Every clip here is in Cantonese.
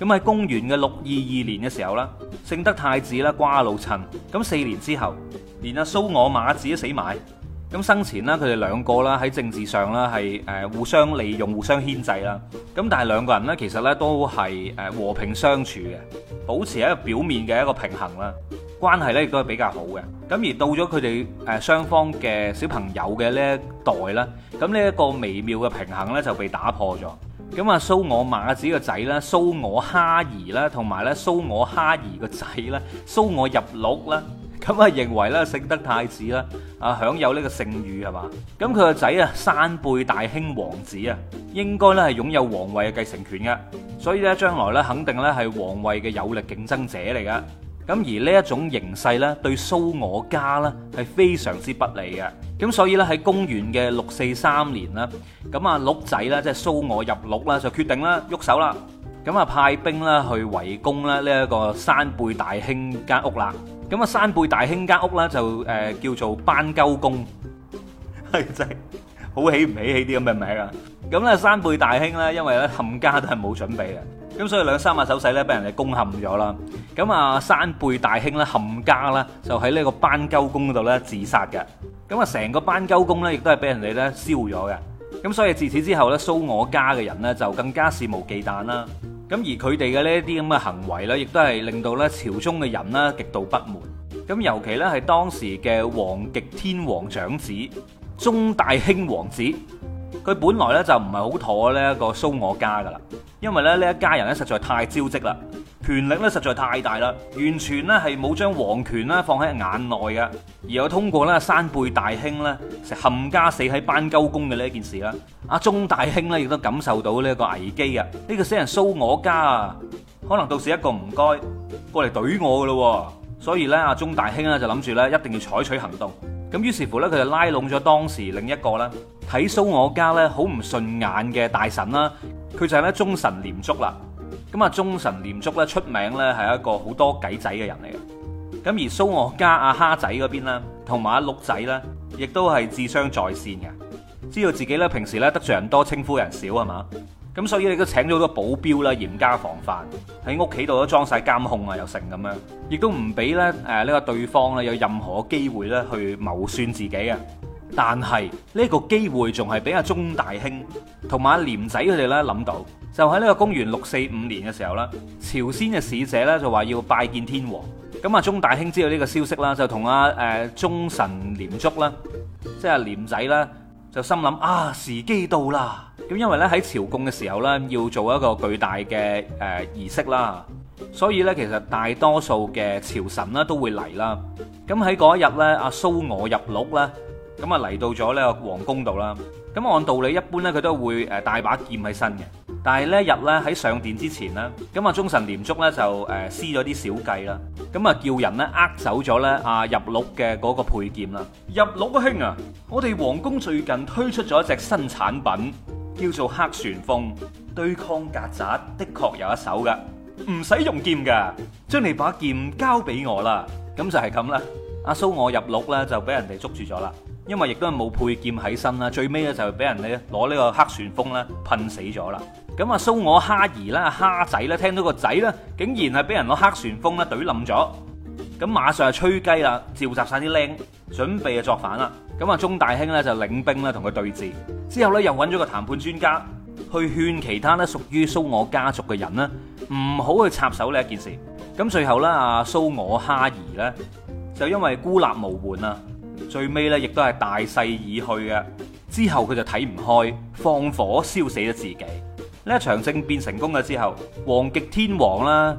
咁喺公元嘅六二二年嘅時候啦，聖德太子啦，瓜老襯。咁四年之後，連阿蘇我馬子都死埋。咁生前咧，佢哋兩個啦喺政治上啦係誒互相利用、互相牽制啦。咁但係兩個人呢，其實呢都係誒和平相處嘅，保持一個表面嘅一個平衡啦。關係呢亦都係比較好嘅。咁而到咗佢哋誒雙方嘅小朋友嘅呢一代啦，咁呢一個微妙嘅平衡呢就被打破咗。咁啊，蘇我馬子個仔啦，蘇我蝦夷啦，同埋咧蘇我蝦夷個仔啦，蘇我入鹿啦，咁啊認為啦，聖德太子啦，啊享有呢個盛譽係嘛？咁佢個仔啊，山背大興王子啊，應該咧係擁有皇位嘅繼承權嘅，所以咧將來咧肯定咧係皇位嘅有力競爭者嚟㗎。咁而呢一種形勢咧，對蘇我家咧係非常之不利嘅。咁所以咧喺公元嘅六四三年啦，咁啊鹿仔咧即係蘇我入鹿啦就決定啦喐手啦，咁啊派兵啦去圍攻啦呢一個山背大興間屋啦。咁啊山背大興間屋咧就誒叫做斑鳩宮，係真係好起唔起起啲咁嘅名啊！咁咧山背大興咧因為咧冚家都係冇準備嘅。咁所以兩三把手勢咧，俾人哋攻陷咗啦。咁啊，山背大興咧，冚家咧，就喺呢個班鳩宮嗰度咧自殺嘅。咁啊，成個班鳩宮咧，亦都係俾人哋咧燒咗嘅。咁所以自此之後咧，蘇我家嘅人咧就更加肆無忌憚啦。咁而佢哋嘅呢啲咁嘅行為咧，亦都係令到咧朝中嘅人咧極度不滿。咁尤其咧係當時嘅皇極天皇長子中大興王子，佢本來咧就唔係好妥呢一個蘇我家噶啦。因為咧，呢一家人咧實在太招積啦，權力咧實在太大啦，完全咧係冇將皇權咧放喺眼內嘅，而有通過咧山背大兄咧，成冚家死喺斑鳩宮嘅呢一件事啦。阿、啊、中大兄咧亦都感受到呢一個危機啊！呢、這個死人蘇我家啊，可能到時一個唔該過嚟懟我噶咯、啊，所以咧阿中大兄咧就諗住咧一定要採取行動。咁於是乎咧，佢就拉攏咗當時另一個咧睇蘇我家咧好唔順眼嘅大臣啦。佢就係咧中臣鎌足啦，咁啊中臣鎌足咧出名咧係一個好多計仔嘅人嚟嘅，咁而蘇我家阿蝦仔嗰邊啦，同埋阿鹿仔咧，亦都係智商在線嘅，知道自己咧平時咧得罪人多，稱呼人少係嘛，咁所以你都請咗好多保鏢啦，嚴加防範，喺屋企度都裝晒監控啊，又成咁樣，亦都唔俾咧誒呢個對方咧有任何嘅機會咧去謀算自己嘅。但係呢個機會仲係俾阿中大兄同埋阿鎌仔佢哋咧諗到，就喺呢個公元六四五年嘅時候啦。朝鮮嘅使者咧就話要拜見天皇，咁啊中大兄知道呢個消息啦，就同阿誒中臣鎌足啦，即係阿鎌仔啦，就心諗啊時機到啦。咁因為咧喺朝貢嘅時候咧要做一個巨大嘅誒儀式啦，所以咧其實大多數嘅朝臣咧都會嚟啦。咁喺嗰一日咧，阿蘇我入鹿啦。咁啊嚟到咗呢個皇宮度啦，咁按道理一般咧佢都會誒帶把劍喺身嘅，但係呢一日咧喺上殿之前咧，咁啊中臣鎌足咧就誒施咗啲小計啦，咁啊叫人咧呃走咗咧啊入鹿嘅嗰個配劍啦。入鹿嘅兄啊，我哋皇宮最近推出咗一隻新產品，叫做黑旋風，對抗曱甴的確有一手噶，唔使用劍噶，將你把劍交俾我啦，咁就係咁啦。阿蘇我入鹿咧就俾人哋捉住咗啦。因為亦都係冇配劍喺身啦，最尾咧就俾人咧攞呢個黑旋風咧噴死咗啦。咁啊蘇我蝦兒啦蝦仔啦，聽到個仔咧竟然係俾人攞黑旋風咧懟冧咗，咁馬上就吹雞啦，召集晒啲僆準備啊作反啦。咁啊中大兄咧就領兵咧同佢對峙，之後咧又揾咗個談判專家去勸其他咧屬於蘇我家族嘅人咧唔好去插手呢一件事。咁最後咧阿、啊、蘇我蝦兒咧就因為孤立無援啊！最尾咧，亦都係大勢已去嘅，之後佢就睇唔開，放火燒死咗自己。呢一場政變成功咗之後，皇極天王啦，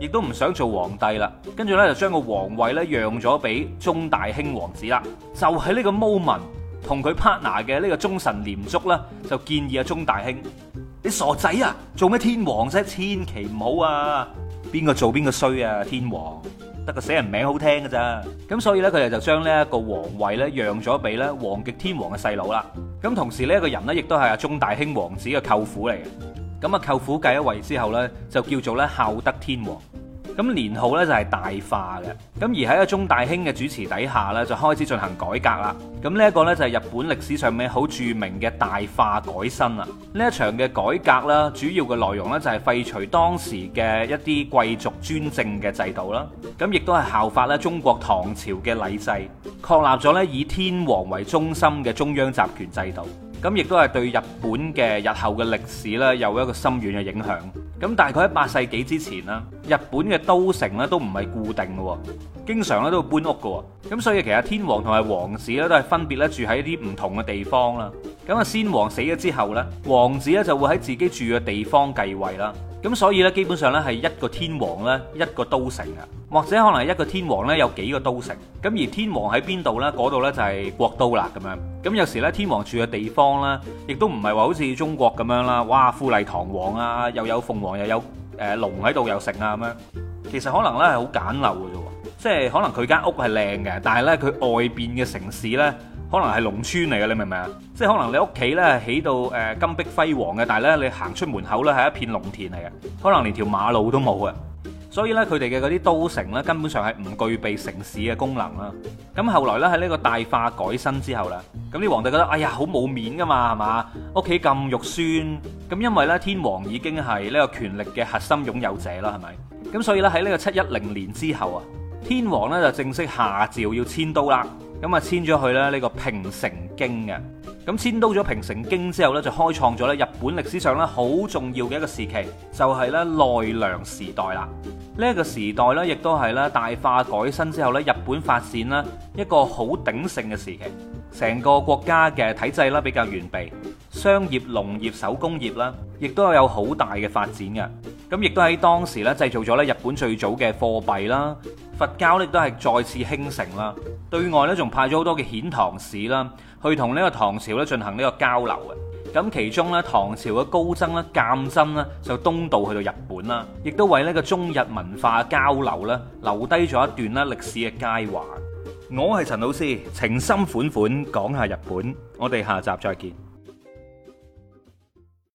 亦都唔想做皇帝啦，跟住呢，就將個皇位呢讓咗俾中大興王子啦。就喺、是、呢個 moment 同佢 partner 嘅呢個中臣鎌足呢，就建議阿中大興：你傻仔啊，做咩天王啫？千祈唔好啊，邊個做邊個衰啊，天王！得個死人名好聽㗎咋，咁所以呢，佢哋就將呢一個皇位呢讓咗俾呢皇極天皇嘅細佬啦，咁同時呢一個人呢亦都係阿中大兄王子嘅舅父嚟嘅，咁啊舅父繼一位之後呢，就叫做呢孝德天皇。咁年號咧就係大化嘅，咁而喺一個中大兄嘅主持底下咧，就開始進行改革啦。咁呢一個呢，就係日本歷史上面好著名嘅大化改新啊！呢一場嘅改革啦，主要嘅內容呢，就係廢除當時嘅一啲貴族專政嘅制度啦，咁亦都係效法咧中國唐朝嘅禮制，確立咗呢以天皇為中心嘅中央集權制度。咁亦都係對日本嘅日後嘅歷史呢，有一個深遠嘅影響。咁大概喺八世紀之前啦，日本嘅都城咧都唔係固定嘅，經常咧都會搬屋嘅，咁所以其實天皇同埋王子咧都係分別咧住喺啲唔同嘅地方啦。咁啊，先王死咗之後咧，王子咧就會喺自己住嘅地方繼位啦。咁所以呢，基本上呢係一個天皇呢，一個都城啊，或者可能係一個天皇呢有幾個都城。咁而天皇喺邊度呢？嗰度呢就係國都啦咁樣。咁有時呢，天皇住嘅地方呢，亦都唔係話好似中國咁樣啦，哇，富麗堂皇啊，又有鳳凰又有誒龍喺度又成啊咁樣。其實可能呢係好簡陋嘅啫，即係可能佢間屋係靚嘅，但係呢佢外邊嘅城市呢，可能係農村嚟嘅，你明唔明啊？即係可能你屋企呢起到誒金碧輝煌嘅，但係呢，你行出門口呢係一片農田嚟嘅，可能連條馬路都冇嘅。所以呢，佢哋嘅嗰啲都城呢，根本上係唔具備城市嘅功能啦。咁後來呢，喺呢個大化改新之後呢，咁啲皇帝覺得哎呀好冇面㗎嘛係嘛？屋企咁肉酸，咁因為呢，天皇已經係呢個權力嘅核心擁有者啦係咪？咁所以呢，喺呢個七一零年之後啊。天皇咧就正式下詔要遷都啦，咁啊遷咗去咧呢個平城京嘅。咁遷都咗平城京之後呢，就開創咗咧日本歷史上咧好重要嘅一個時期，就係咧奈良時代啦。呢、這、一個時代咧，亦都係咧大化改新之後咧日本發展啦一個好鼎盛嘅時期。成個國家嘅體制啦比較完備，商業、農業、手工業啦，亦都有好大嘅發展嘅。咁亦都喺當時咧製造咗咧日本最早嘅貨幣啦。佛教亦都係再次興盛啦，對外咧仲派咗好多嘅遣唐使啦，去同呢個唐朝咧進行呢個交流嘅。咁其中咧唐朝嘅高僧呢，鑑真呢，就東渡去到日本啦，亦都為呢個中日文化交流咧留低咗一段啦歷史嘅佳話。我係陳老師，情深款款講下日本，我哋下集再見。